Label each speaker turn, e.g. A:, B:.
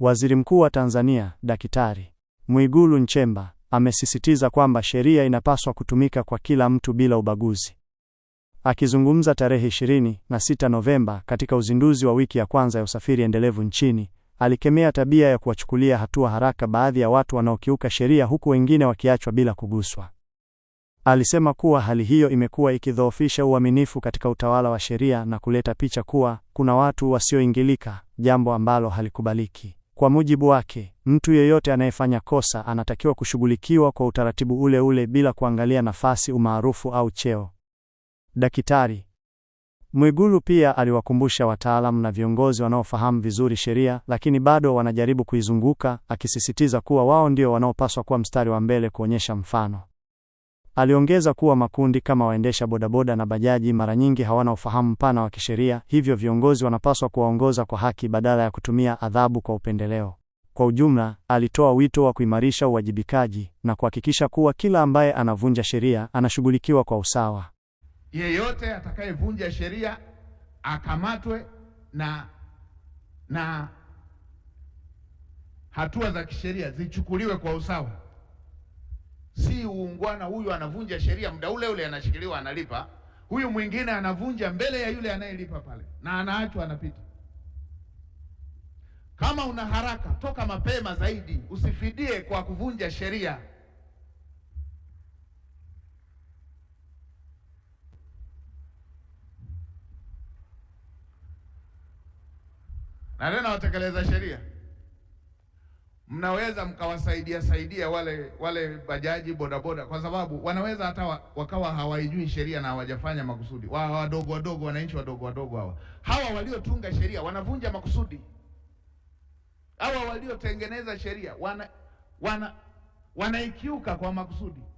A: Waziri Mkuu wa Tanzania, Daktari Mwigulu Nchemba amesisitiza kwamba sheria inapaswa kutumika kwa kila mtu bila ubaguzi. Akizungumza tarehe 26 Novemba katika uzinduzi wa wiki ya kwanza ya usafiri endelevu nchini, alikemea tabia ya kuwachukulia hatua haraka baadhi ya watu wanaokiuka sheria huku wengine wakiachwa bila kuguswa. Alisema kuwa hali hiyo imekuwa ikidhoofisha uaminifu katika utawala wa sheria na kuleta picha kuwa kuna watu wasioingilika, jambo ambalo halikubaliki. Kwa mujibu wake, mtu yeyote anayefanya kosa anatakiwa kushughulikiwa kwa utaratibu ule ule bila kuangalia nafasi, umaarufu au cheo. Daktari Mwigulu pia aliwakumbusha wataalamu na viongozi wanaofahamu vizuri sheria lakini bado wanajaribu kuizunguka, akisisitiza kuwa wao ndio wanaopaswa kuwa mstari wa mbele kuonyesha mfano. Aliongeza kuwa makundi kama waendesha bodaboda na bajaji mara nyingi hawana ufahamu mpana wa kisheria, hivyo viongozi wanapaswa kuwaongoza kwa haki badala ya kutumia adhabu kwa upendeleo. Kwa ujumla, alitoa wito wa kuimarisha uwajibikaji na kuhakikisha kuwa kila ambaye anavunja sheria anashughulikiwa kwa usawa.
B: Yeyote atakayevunja sheria akamatwe na na hatua za kisheria zichukuliwe kwa usawa si uungwana. Huyu anavunja sheria muda ule ule, anashikiliwa analipa, huyu mwingine anavunja mbele ya yule anayelipa pale, na anaachwa anapita. Kama una haraka, toka mapema zaidi, usifidie kwa kuvunja sheria. Na tena watekeleza sheria mnaweza mkawasaidia saidia wale wale bajaji bodaboda, kwa sababu wanaweza hata wakawa hawaijui sheria na hawajafanya makusudi. Wa wadogo wadogo, wananchi wadogo wadogo hawa hawa waliotunga sheria wanavunja makusudi. Hawa waliotengeneza sheria wana, wana, wanaikiuka kwa makusudi.